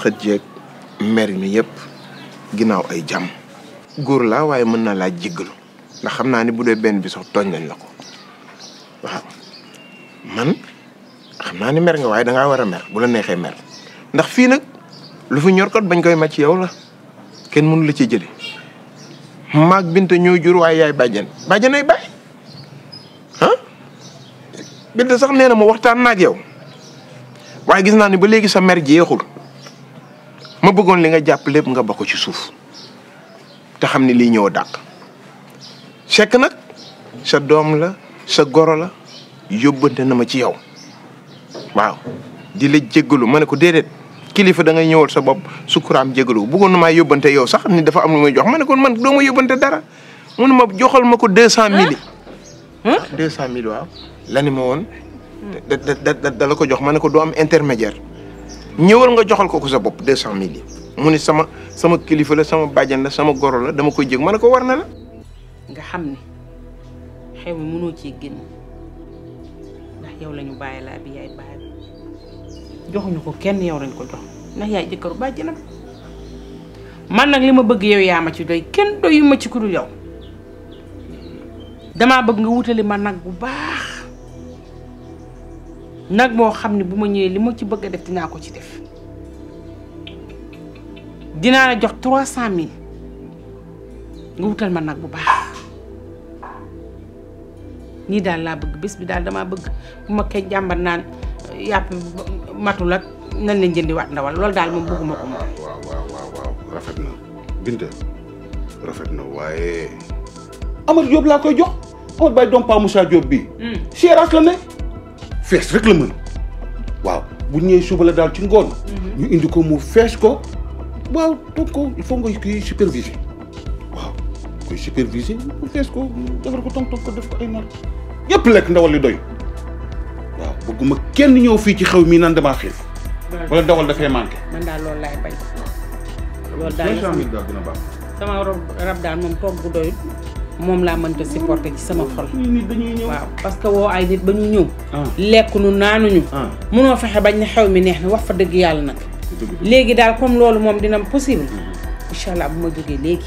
xët mer mi yépp ginaaw ay jam góor la waaye mën na laa jéggalu ndax xam naa ni bu dee benn bi sax tooñ nañ la ko waaw man xam naa ni mer nga waaye dangaa war a mer bu la neexee mer ndax fii nag lu fi ñorkat bañ koy màcc yow la kenn mënu la ci jële maag binte ñoo jur waaye yaay bàjjen bàjjen ay bàyyi ah binte sax nee na ma waxtaan naak yow waaye gis naa ni ba léegi sa mer jeexul ma bëggoon li nga jàpp lépp nga bokk ci suuf te xam ni lii ñëw dàq sekk nag sa doom la sa goro la yóbbante na ma ci yow waaw di la jéggalu ma ne ko déedéet kilifa da ngay ñëwal sa bopp sukuraam jégalu bëggoon na maa yóbbante yow sax am ni dafa am lu may jox ma ne kon man doo ma yóbbante dara mu joxal ma ko deux cent mille yi cent mille waaw la ma woon da da ko jox ma ne ko doo am intermédiaire ñëwal nga joxal ko ko sa bopp deux cent mille yi mu ne sama sama kilifa la sama bàjjan sama goro la dama koy jég ma ne ko war na nga xam ne xew mi mënoo cee génn ndax yow lañu bàyyi laa bi yaay joxuñu ko kenn yow lañ ko jox ndax yaay jëkkëru bàjjanam man nag li ma bëgg yow yaa ma ci doy kenn doyu ma ci ku dul yow damaa bëgg nga wutali ma nag bu baax nag moo xam ne bu ma ñëwee li ma ci bëgg a def dinaa ko ci def dinaa la jox trois cent mille nga wutal ma nag bu baax nii daal laa bëgg bis bi daal damaa bëgg bu ma kenn jàmbat naan yàpp matul ak na lañ jëndi waat ndawal loolu daal moom bëgguma ko moom. waaw waaw waaw rafet na Binta rafet na waaye. Amar Diop laa koy jox Amar Baye doom Pa Moussa Diop bii. Hmm. Chéras la ne. fees rek la mën waaw bu ñëwee suba daal ci ngoon. Mhm. ñu indi ko mu fees ko waaw toog ko il faut nga koy superviser waaw koy superviser ko defar ko tong tong ko def ko ay nar yëpp lekk ndawal li doy waaw bëgguma kenn ñëw fii ci xew mii nan damaa xiif. wala ndawal dafay manqué. man daal loolu laay bay. loolu sama rab daal moom toog bu doyul. moom laa mënta supporter ci sama xol. waaw parce que wo ay nit bañu ñëw. lekk nu nanu ñu mëno fexe bañ ne xew mi neex na wax fa deug yàlla nak légui dal comme lolu mom dina possible. inshallah allah bu ma jógee léegi.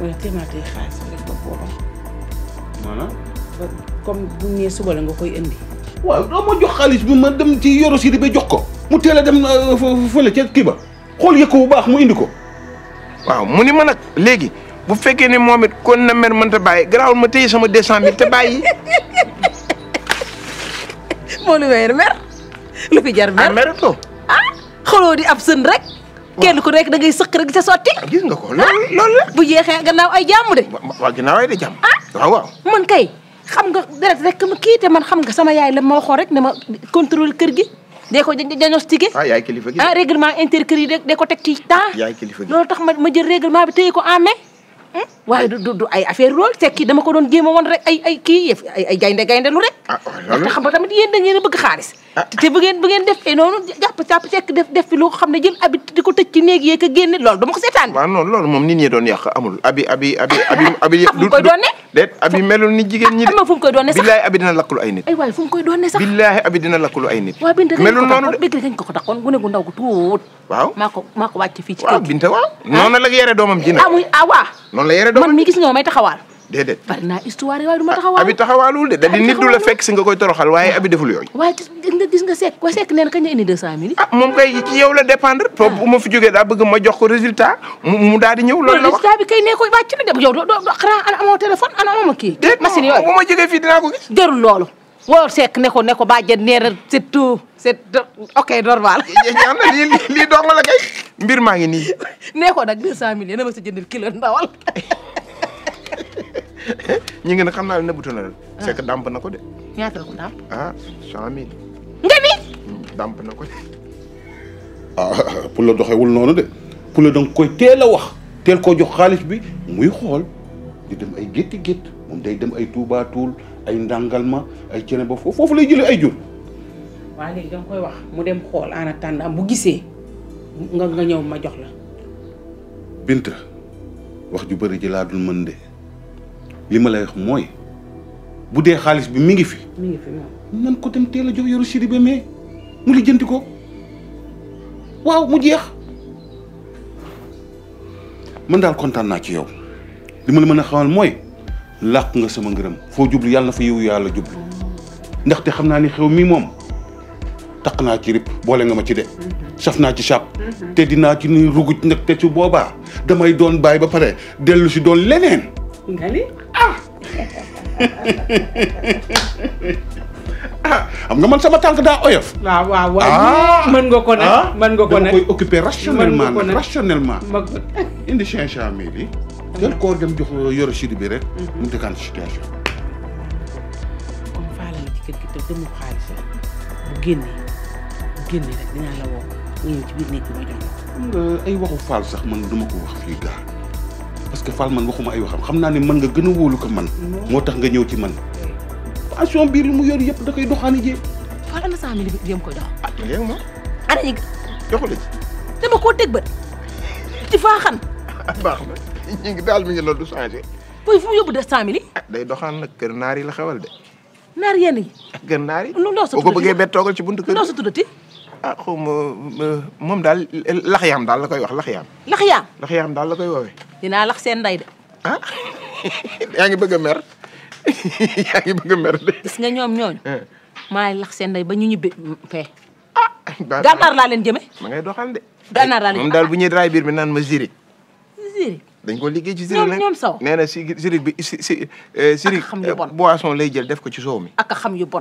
wala téeméer té bi rek ba boobam. maanaam. ba comme bu ñé suba la nga koy indi. waaw do ma jox xaliss bu ma dem ci yoro sidi di jox ko. mu teel a dem fële ci kiba xol xool bu baax mu indi ko. waaw mu ni ma nak légui bu fekkee ne moom it kon na mer mënta bàyyi garaawul ma téye sama deux cent mille te bàyyi. moo lu weer mer lu fi jar mer ah ah xoloo di ab sën rek. kenn ko nekk da ngay sëq rek di sa ah, gis nga ko loolu ah, loolu la. bu jeexee gannaaw ay jàmm de. waaw gannaaw ay de jàmm. ah waaw waaw. man kay xam nga deret rek ma kii te man xam nga sama yaay la ma waxoon rek ne ma contrôle kër gi. dee ko diagnostiqué. ah yaay kilifa gi ah règlement kër yi de ko teg ci temps. yaay kilifa gi loolu tax ma ma jël règlement bi téye ko en Eh? waaye du du ay affaire rôle te kii dama ko doon jéem a rek ay ay kii yëf ay gaynde lu rek. ah oh, loolu xam nga tamit yéen dañu leen bëgg xaalis. Ah. te bu ngeen bu ngeen defee noonu jàpp sàpp sekk def def fi lu xam ne jël abi di ko tëj ci néeg yeeg a génne loolu dama ko seetaan. moom nit ñi doon yàq amul abi abi abi abi abi du koy doonne déet abi melul ni jigéen ñi de am fu mu koy doonne sax billaahi abi dina lakklu ay nit ay waay fu mu koy binta melul noonu de bégg ah. la yere doomam ji na amuy ah, ah la yere doomam mi gis ñoo may taxawaal déedéet bari naa histoire waaye du ma taxawaalu abi taxawaalul de da di nit du la fekk si nga koy toroxal waaye abi deful yooyu waaye nga gis nga sekk ko sekk neen kañ la indi deux cent mille ah moom kay ci yow la dépendre ah. foofu bu ma fi jógee daa bëgg ma jox ko résultat mu daal di ñëw loolu la wax résultat bi kay nee ko wàcc na dem yow doo xanaa ana amoo téléphone ana amoo kii machine yooyu bu ma jógee fii dinaa ko gis jarul loolu woo sekk ne ko ne ko bàjjen nee na c'est tout c'est ok normal ñaan na lii lii dox la la kay mbir maa ngi nii nee ko nag deux cent mille na ma sa jëndal kilo ndawal ñu ngi ne xam naa ne nëbbutu na la. c'est que na ko de. ñaata la ko dàmp. Ah, hmm, na ko de. ah pour la doxewul noonu de pour la danga koy teel a wax teel koo jox xaalis bi muy xool di dem ay gétti gétt moom day dem ay Touba Toul ay ma ay cene ba foofu lay jëlee ay jur. waaw léegi koy wax mu dem xool en attendant bu gisee nga nga ñëw ma jox la. Binta wax ju bëri ji laa mën de. li ma lay mooy bu dee xaalis bi mi ngi fi. mi ngi fi nan ko dem teel a jox yoru Sidibé mais mu lijjanti ko waaw mu jeex. man daal kontaan naa ci yow li ma la mën a xamal mooy làq nga sama ngërëm foo jublu yàlla na fa yiwu yàlla jublu ndaxte xam naa ni xew mii moom taq naa ci rip boole nga ma ci de. Mhm. saf naa ci sàpp mhm. te dinaa ci nuy ruguj nag te ci boobaa damay doon bàyyi ba pare dellu si doon leneen. ah xam nga man sama tànk daa oyof. waaw waaw waaye ah. mën nga ko ne ah. mën nga ko ne koy occuper rationnellement nag rationnellement. indi cinq cent mille yi. jël koor dem jox euh, yoro sidi bi rek. Mhm. mu dëkkaan situation. comme faale la ci kër gi te demul xaalis la bu génnee bu génnee rek dinaa la woo ñëw ci biir nekk bi jox la. xam nga ay waxu faal sax man duma ko wax fii gaar. parce que Fall man waxuma ay waxam xam naa ne man nga gën a wóolu ko man moo tax nga ñëw ci man pension bii lu mu yor yëpp da koy doxaani jéem Fall ah, ana bi jéem koy koo baax na ñu daal mi ngi loolu du changé boy fu mu yóbbu de cent ah, day doxaan nag kër naar yi la xewal de naar yenn yi kër naar yi ko bëggee bett toogal ci buntu kër ndaw sa tuddati ah xaw ma moom daal laxyaam daal la koy wax laxyaam. laxyaam laxyaam daal la koy woowee. dinaa lax seen ndey de. ah yaa ngi bëgg a mer yaa ngi bëgg a mer de. gis nga ñoom ñooñu. Eh. maa ngi lax seen ndey ba ñu ñibbi fee. ah gànnaar laa leen jëme ma ngay doxal de. gànnaar laa leen moom daal bu ñuy raay biir bi naan ma Zurich. Zurich. dañ ko liggéey ci Zurich nag ñoom Sow. nee na si Zurich bi si si eh, Zurich. Eh, boisson lay jël def ko ci soow mi. ak a xam yu bon.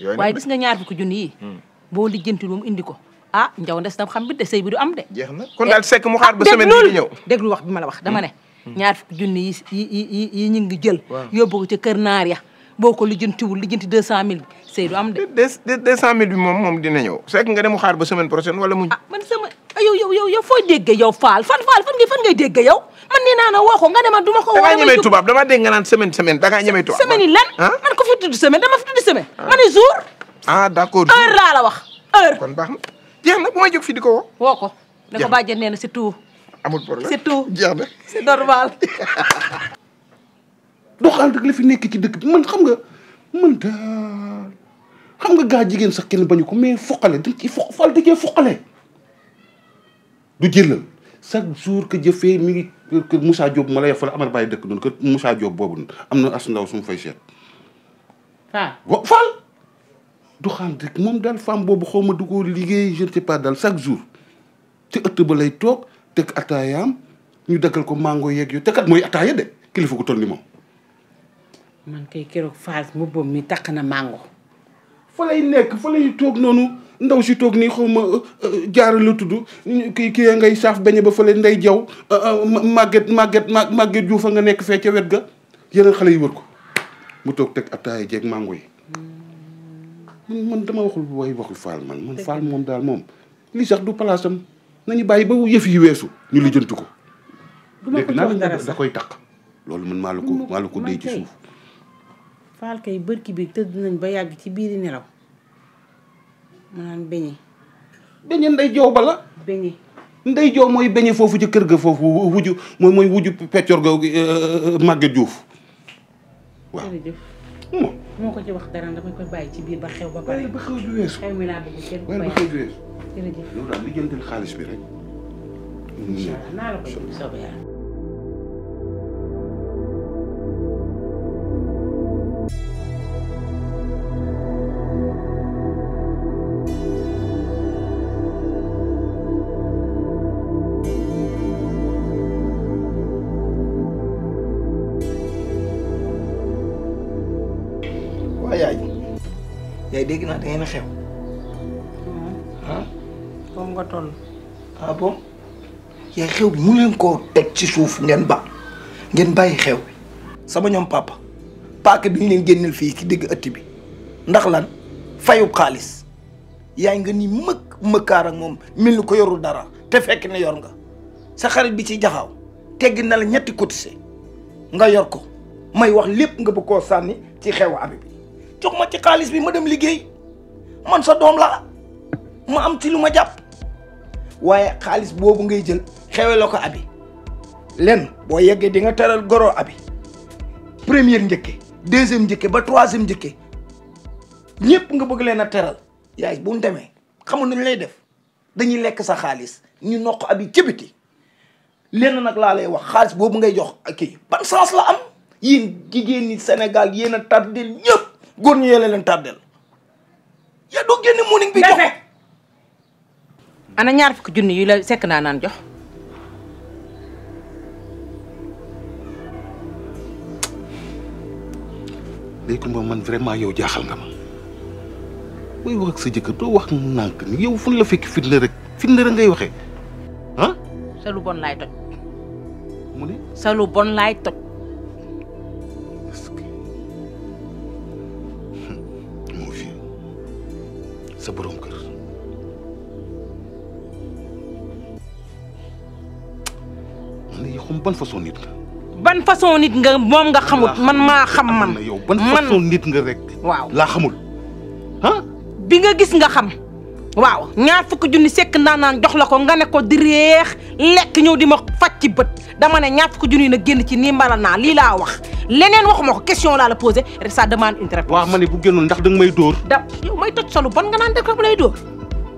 yooyu waaye gis nga ñaar fukki junni yi hmm. boo lijjanti moom indi ko ah njaw ndes na xam bi de sëy bi du am de. jeex na kon daal eh, sekk mu xaar ba ah, semaine bi di ñëw déglu wax bi ma la wax dama ne. Hmm. ñaar fukki junni yi yi yi ñu ngi jël. yóbbu ko ca kër naar ya boo ko lijjantiwul lijjanti deux cent mille bi sëy du am de. deux deux cent mille bi moom moom dina ñëw. sekk nga dem xaar ba semaine prochaine wala mu. ah man sama ah, yow yow yow yow foo déggee yow faal fan faal fan ngay fan ngay déggee yow man nee naa na woo ko nga dema du ma ko. woo damay da ngaa ñemee tubaab damaa dégg nga naan semaine semaine da ngaa ñemee tubaab. semaine yi lan ah? man ko fi tudd semaine dama fi tudd semaine. ma ne jour ah d' accord heure laa la wax heure. kon baax na jeex na bu may jóg fii di ko woo. ko da ko bàjjee nee na c'est tout. amul problème jeex na c'est normal. doxal rek la fi nekk ci dëkk bi man xam nga man daal xam nga gaa jigéen sax kenn bañu ko mais foqale ci fo fal da cee foqale. du jëlal chaque jour que jëfee mi ngi kër Moussa Diop ma lay wax fa la dëkk noonu kër Moussa Diop boobu am na as ndaw su ma fay seet. du xaant rek moom daal femme boobu xaw ma duggoo liggéey je ne sais pas daal chaque jour ci ëtt ba lay toog teg ataayaam ñu daggal ko mango yeeg yooyu te kat mooy ataaya de kilifa ko toll ni moom. man kay keroog Fass mbubbam mi na mango. fa nekk fa lay toog noonu ndaw si toog nii xaw ma euh, euh, jaara la tudd kii kii ngay saaf beñe ba fële nday jaw màgget màgget màgget juufa nga nekk fee ca wet ga yeneen xale yi wër ko mu toog teg ataaya jeeg mango yi. man man dama waxul way waxul Fall man man Fall moom daal moom li sax du place nañu bàyyi ba yëf yi weesu ñu lijjanti ko. du ma ko jox dara taq loolu man maa la ko maa la ko déy ci suuf. Fall kay bërki bi tëdd nañ ba yàgg ci biiri nelaw mu naan beñe. beñe nday joow bala. beñe nday joow mooy beñe foofu ci kër ga foofu wuju mooy mooy wuju peccor ga euh, euh, màgge juuf waaw. moo ko ci wax dara dama koy bàyyi ci biir ba xew ba pare. ba xew du weesu xew mi laa bëgg kenn. ba xew du weesu jërëjëf. yow daal li jëndal xaalis bi rek. incha allah naa la ko jël soobee yàlla. tey dégg naa da ngeen xew. ah. moom nga toll. Ya? Hmm. ah bon. yaa xew bi mu leen koo teg ci suuf ngeen ba ngeen bàyyi xew bi sama ñoom papa paaka bi ñu leen génneel fii ci digg ëtt bi ndax lan fayub xaalis yaay nga ni mëkk mëkkaar ak moom mel ni ko yorul dara te fekk ne yor nga sa xarit bi ci jaxaw teggi na la ñetti cotisé nga yor ko may wax lépp nga bëgg sànni ci xew abi bi jox ma ci xaalis bi ma dem liggéey man sa doom la ma am ci lu ma jàpp waaye xaalis boobu ngay jël xewe la ko abi lenn boo yeggee di nga teral goro abi première njëkke deuxième njëkke ba troisième njëkke ñëpp nga bëgg leen a teral yaay bu ñu demee xamul nañ lay def dañuy lekk sa xaalis ñu noq abi ci biti lenn nag laa lay wax xaalis boobu ngay jox ak kii ban sens la am yi jigéen ñi Sénégal yéen a tardel ñëpp gor ñu yele len tardel ya do genn morning bi jox ana ñaar ko jooni yu la sek na nan jox day ko man vraiment yow jaaxal nga ma buy wax ak sa jëkkër do wax nank ni yow fuñ la fekk le rek fitna rek ngay waxe ah sa lu bon lay toj mu sa lu bon lay toj ban façon nit la ban façon nit nga mom nga xamul man ma xam man yow ban façon nit nga rek waaw la xamul han bi nga gis nga xam waaw ñaar fukk junni sek naanaan jox la ko nga ne ko di reex lek ñew di ma fatch ci dama ne ñaar fukk junni na genn ci ni mbala naa lii laa wax leneen waxuma ko question la la poser ça demande une réponse waaw mané bu gennul ndax da may da yow may tocc solo ban nga nan dëkk lay door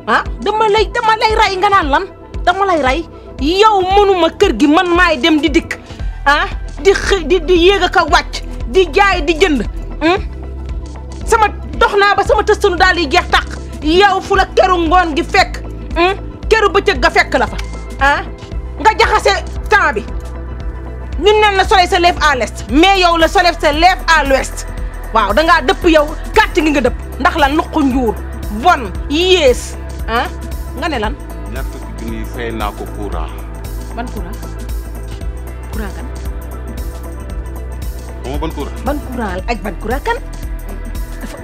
ah dama lay dama lay ray nga nan lan dama lay ray yow mënuma kër gi man may dem di dik ah di di di yéeg ka a di jaay di jënd hmm? sama doxna ba sama teustunu dal yi jeex tak yow fu la këru ngoon gi fekk hmm? këru bëccëg ga fekk la fa ah nga jaxase temps bi ñun neen la soleil se lève à l'est mais yow la soleil se lève à l'ouest waaw da nga depp yow kat gi nga depp ndax lan luqu njuur bon yes ah nga ne lan nii fay naa ko courant. ban courant courant kan. xam ban courant. ban courant ak ban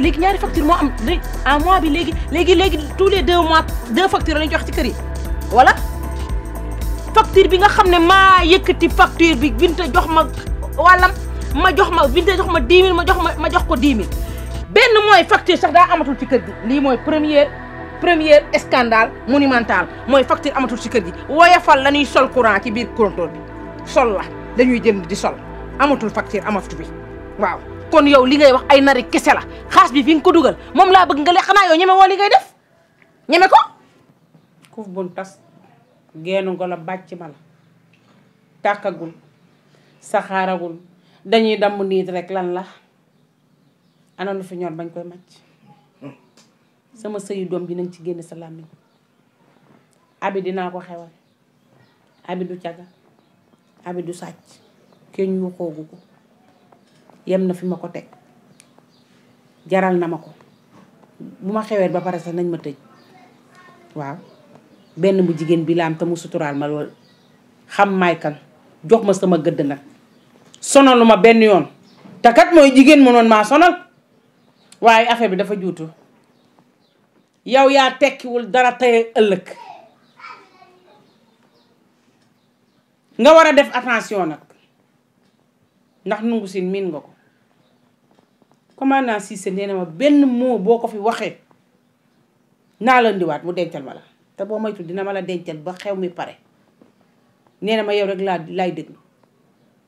léegi ñaari facture moo am léegi mois bi léegi léegi léegi tous les deux mois deux factures lañu jox ci kër wala facture bi nga xam ne maa yëkkati facture bi Binta jox ma wàllam ma jox ma Binta jox ma dix mille ma jox ma ma jox ko dix benn mooy facture sax daa amatul ci kër gi lii mooy première. premier scandale monumental moy facture amatul ci kër gi woyofal sol courant ci biir compteur bi sol la dañuy jënd di sol amatul facture amatu bi waaw kon yow li ngay wax ay nari kessé la xaas bi fi ngi ko duggal mom la bëgg nga lé xana yow ñëmé wo li ngay def ñëmé ko kuuf bon tas gënu ngo la ma la dañuy nit rek lan la fi ñor bañ koy match sama sëyu doom bi nañ ci génne sa làmmiñ abi dinaa ko xewal abi du caga abi du sàcc kenn yuuxoogu ko yem na fi ma ko teg jaral na ma ko bu ma xewee ba pare sax nañ ma tëj waaw benn bu jigéen bi laam te mu suturaal ma lool xam may kan jox ma sama gëdd nag sonalu ma benn yoon te kat mooy jigéen mënoon maa sonal waaye affaire bi dafa juutu yow yaa tekkiwul dara tey ëllëg nga war a def attention nag ndax nungu sin miin nga ko commandant Cissé nee na ma benn moo boo ko fi waxee naa la ndiwaat mu dencal ma la te boo moytu dina ma la dencal ba xew mi pare nee na ma yow rek laa laay déglu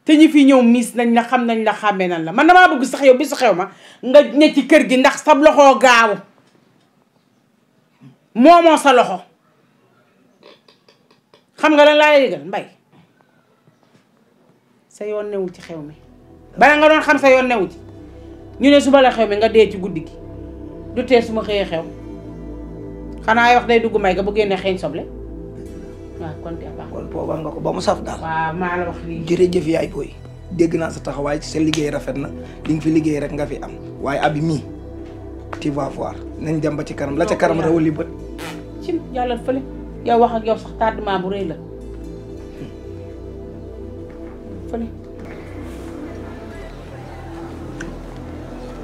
te ñi fi ñëw miis nañ la xam nañ la xàmmee nañ la man damaa bëgg sax yow bi su xew ma nga ne ci kër gi ndax sab loxoo gaaw moomoo sa loxo xam nga la laa yëgal mbay sa yoon newul ci xew mi bala nga doon xam sa yoon newu ci ñu ne suba la xew mi nga dee ci guddi gi du tee su ma xëyee xew xanaa wax day dugg may ga bu génne xeeñ soble waaw kon te baax kon poobar nga ko mu saf daal maa la wax lii jërëjëf yaay booy dégg naa sa taxawaay sa liggéey rafet na li nga fi liggéey rek nga fi am waaye abi mii tu vas voir nañ dem ba ci kanam la ca kanam rawali bët cin jàllal fële yow wax ak yow sax tardement bu rëy la fële.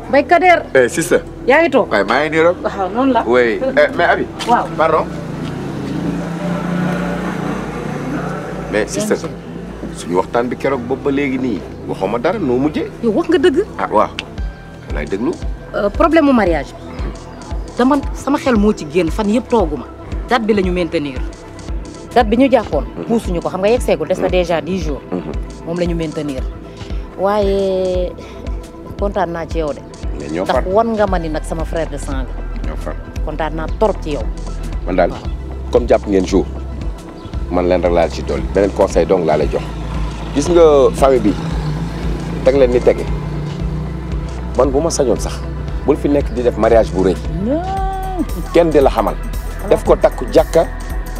Mbaye Kader. eh sister. toog waaye maa ngi nii rek. waaw noonu la. oui eh, mais Abi. waaw pardon. mais sister waxtaan bi keroog boobu ba léegi nii waxoo ma dara noo mujjee. yow wax nga dëgg. ah waaw lay déglu. Euh, problème mu mariage bi mm-hmm. sama xel moo ci génn fan yëpp toogu ma date bi la ñu maintenir. date bi ñu jàppoon. Mhm. puusuñu ko xam nga yegg seegul des na mhm. déjà dix jours. Mhm. moom la ñu maintenir waaye kontaan naa ci yow de. ndax wan nga ma ni nag sama frère de sang bi. kontaan naa torop ci yow. man daal comme jàpp ngeen jour man leen rek laal ci dolli beneen conseil donc laa lay jox gis nga famille bi teg leen ni tege man bu ma sañoon sax bul fi nekk di def mariage bu rëy. kenn di la xamal. def ko takk jàkka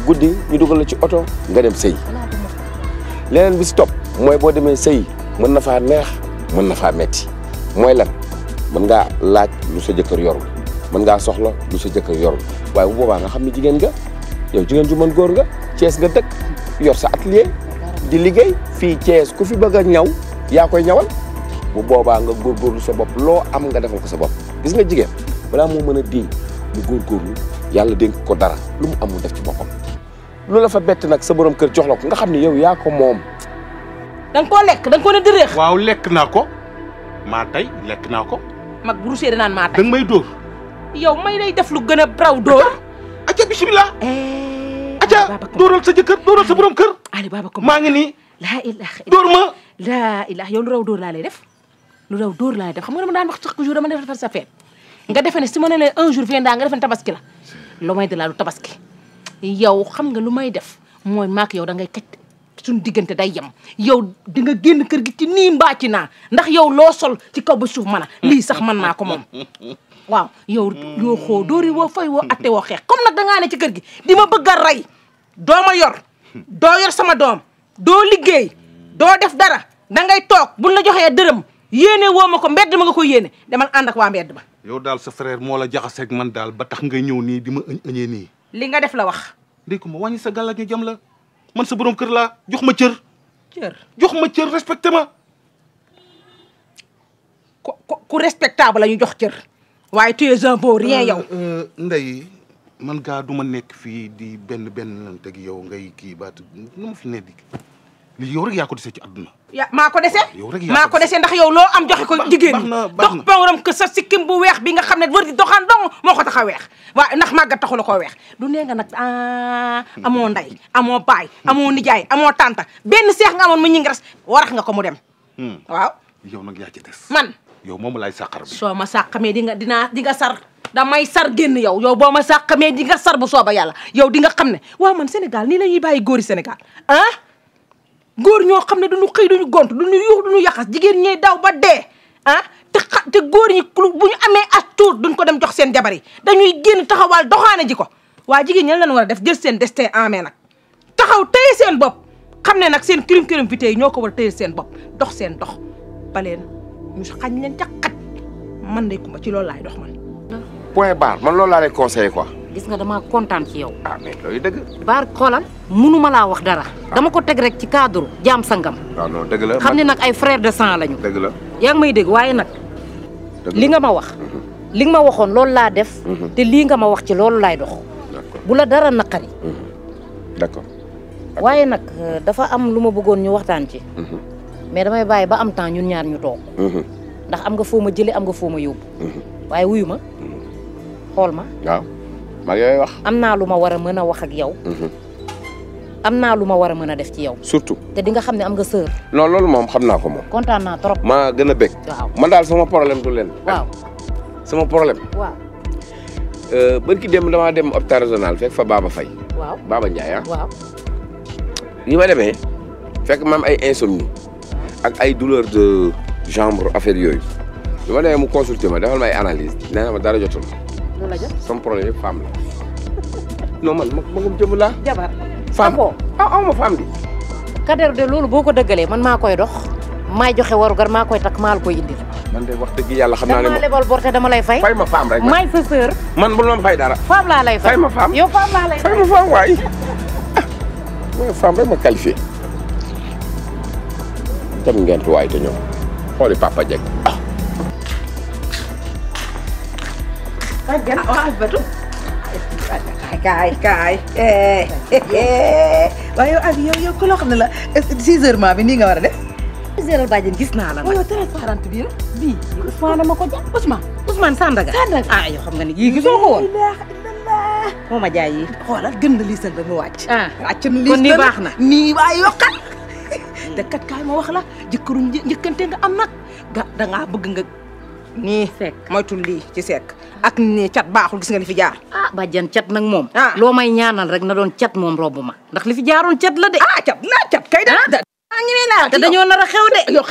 guddi ñu dugal la ci oto nga dem sëy leneen bi si topp mooy boo demee sëy mën na faa neex mën na faa metti mooy lan mën ngaa laaj lu sa jëkkër yorul mën ngaa soxla lu sa jëkkër yorul waaye bu boobaa nga xam ne jigéen nga yow jigéen ju mën góor nga Thiès nga dëkk yor sa at atelier di liggéey fii Thiès ku fi bëgg a ñaw yaa koy ñawal bu boobaa nga góorgóorlu sa bopp loo am nga defal ko sa bopp gis nga jigéen balaa moo mën a diñ mu góorgóorlu yalla dénk ko dara lu mu amul def ci bopam lu la fa bet nak sa borom keur jox la ko nga xamni yow ya ko mom dang ko lek dang ko nga koo ne dërëex. waaw lekk naa ko maa tey lekk naa ko. mag bu rusee danaan maa tey. da nga may dor yow may lay def lu gëna braw dor acca bisimilah. Eh, acca dorol sa jëkkeur dorol sa borom keur Ali Baba ko ma ngi ni la ilaha illallah dor ma. la ilaha yow lu raw dor la lay def lu raw dor la lay def xam nga dama daan wax chaque jour dama defar sa feet nga defe ne su ma un jour vien nga defe tabaski la. lu may de laa lu tabaski yow xam nga lu may def mooy maak yow da ngay kaj suñu diggante day yem yow di nga génn kër gi ci nii mbaa ci naa ndax yow loo sol ci kaw ba suuf mën a lii sax mën naa ko moom waaw yow yoo xoo dóori woo fay woo atte woo xeex comme nag dangaa ne ci kër gi di ma bëgg a doo ma yor doo yor sama doom doo liggéey doo def dara da ngay toog buñ la joxee dërëm yéene woo ma ko mbedd ma nga ko yéene demal ànd ak waa mbedd ba yow dal sa frère mo la ak man dal ba tax nga ñew ni di ma ëñ ëñee li nga def la wax. ko ma sa galak ñu jam la man sa borom kër la jox ma cër. cër jox ma cër respecté ma. ku respectable la ñu jox cër. waye tu es un beau rien euh, yow. Euh, ndey man ga duma nek fi di ben-ben lante gi yow ngay ki bat numu fi nedik li yow rek ya ko dese ci aduna ya mako ko mako yow ndax yow lo am joxe ko jigéen dox pawram ke sa sikim bu weex bi nga xamné wër di doxan dong moko taxa tax wa nak waaw taxul ko taxu du nee nga nak ah amoo nday amo bay amo nijaay amo tanta ben cheikh nga amoon mu ñi ngi warax nga ko mu dem. Hmm. waaw. yow nak ya ci des. man yow moomu lay sakar. bi. so ma sàqamee di nga dina di nga sar. may sar genn yow yow boo ma di nga sar bu soba yalla yow di nga xam wa man Sénégal ni lañuy bayyi gori Sénégal ah góor ñoo xam ne duñu xëy duñu gont duñu yuux ñu yaxas jigéen ñey daw ba dee ah te xa te góor ñi bu ñu amee as tuut duñ ko dem jox seen jabar yi dañuy génn taxawal doxaane ji ko waa jigéen ñi lan war def jël seen destin en main nag taxaw téye seen bopp xam ne nag seen kirim kirim vité ñoo ko war a seen bopp dox seen dox baleen ñu xañ leen caqat man day kumba ci loolu laay dox man point barre man loolu laa lay conseillé quoi gis nga damaa kontaan ci yow. ah mais looy dëgg. baar xoolal mënuma laa wax dara. dama ko teg rek ci cadre jaam sangam. Ah, xam ne nag ay frère de sang lañu. la yaa ngi may dégg waaye nag. li nga ma wax. Mhm. li nga ma waxoon loolu laa def. Mhm. te lii nga ma wax ci loolu laay dox. bu la dara naqari. Mhm. d'accord. waaye nag euh, dafa am lu ma bëggoon ñu waxtaan ci. mais damay bàyyi ba am temps ñun ñaar ñu toog. ndax am nga foo ma jëlee am nga foo ma yóbbu. waaye wuyu ma xool ma. mag yooyu wax. am naa lu ma war a mën a wax ak yow. Mhm. am naa lu ma war a mën a def ci yow. surtout te nga xam ne am nga sœur. non loolu moom xam naa ko moom. kontaan naa trop. maa gën a bég. waaw man daal sama problème du leen. waaw sama problème. waaw. Euh, bari dem damaa dem hôpital régional fekk fa Baba fay waaw Baba Ndiaye ah. ma demee fekk ma ay insomnie ak ay douleur de jambe affaire yooyu. li demee mu consulté ma defal ma ay analyse nee na ma dara jotul. mu la jot. sama la non man magum jëmm laa. jabar femme ah aw ma femme bi. Kader de loolu boo ko dëggalee man maa koy dox maay joxe warugar maa koy takk maa la koy indil. wax dëgg yàlla xam naa ne dama lebal bor te dama lay fay. fay ma femme rek maay sa sœur. man bu ma fay dara. femme laa lay fay fay ma femme. yow femme laa lay fay ma femme rek ma qualifié. dem ngeen tuwaay te ñoom xooli papa Dieng. Ah. Vayan, ahora ah, betul? Kijk, kijk. waaye yow abi yow yow ku loo xam ne la six heures maa bi nii nga war a def. six heures bàjjen gis naa la man. bi la. bii Ousmane ma ko jàpp Sandaga. Sandaga ah yow xam kan ah wàcc na lii kon nii baax na. nii waay yokkat. te kat kaay ma nii moytul lii ci sekk ak nii cat baaxul gis li fi jaar ah bàjjan cat nag moom ah. loo may ñaanal rek na doon cat moom robb ma ndax li fi jaaroon cat la de ah cat la cat kay ah. da ah ngi laa te dañoo nar a xew de yow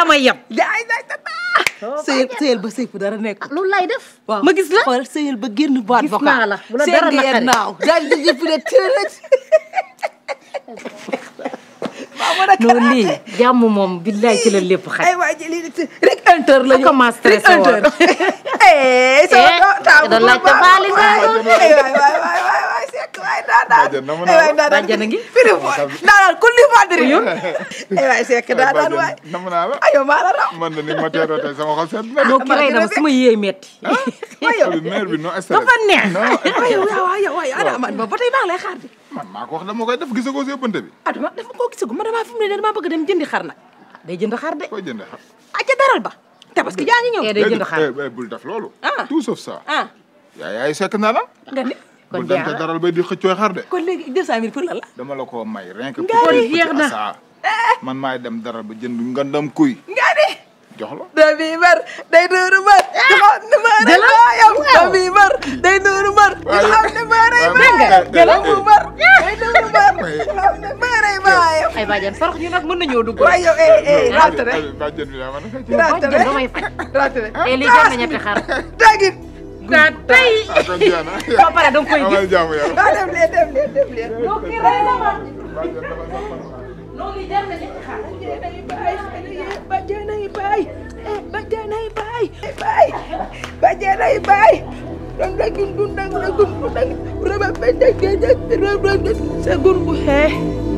ah. may yab daay daay ba sëy fu dara nekk loolu lay def waaw ma gis la xool sëyal ba génn baat ba naa la bu la dara naqari naaw daal di jëf ne mën a kalaate non lii jàmm moom billaay ci la lépp xaj. aywa ji lii rek un heure la ñu commencé stressé woon. eh sama doon laaj te baali naa doon waay daadaan waay daadaan bàjjana ngi firi foor daadaan ku li fadiri ñun ay waay sekk daadaan waay nam naa la ayo maa la raw man ni ma teeroo tey sama xol seet na noo ki rey na ma sama yéey metti ayo mère bi noo stress dafa neex ayo waay waay ana man ba ba tey maa ngi lay xaar man aku ko wax dama koy def gisagoo see bënte bi. ah dama dafa koo gisagu ma damaa fi mu ne damaa bëgg dem jëndi xar nag. day jënd xar de. koy jënd xar. ah daral ba. te parce que jaa ngi ñëw. Eh, day jënd xar eh, eh, bul def loolu. ah tout sauf ça. ah Ya yaay sekk naa la. nga ne kon jeex na bu daral bay di xëccoo xar de. kon léegi 200000 pour la. dama la may rien que. kon jeex na man maay dem daral ba jënd ngandam kuy. nga jox la. dabi mar day dooru mar. ñu xam ne maa rey baayam. dabi mar day dooru mar. ñu xam ne maa rey baayam. dabi mar day dooru mar. ñu xam ne maa rey baayam. ay bàjjen sarax ñu nag mën nañoo dugg. waaye yow eh eh raté rek. bàjjen bi daa mën a fekk. raté rek damay faj. raté rek eh lii jar na ñetti xar. tagit. daa tey. ba pare da nga koy gis. amal jaamu yàlla. dem leen dem leen dem leen. donc kii rey na ma. loolu jar na ñetti xaar. bàjjanay baay bàjjanay baay bàjjanay baay. baay bàjjanay baay. doon dagg dundal dundal dundal rëbb a ba dëgg dëgg rëbb a dëgg sa gur bu xee.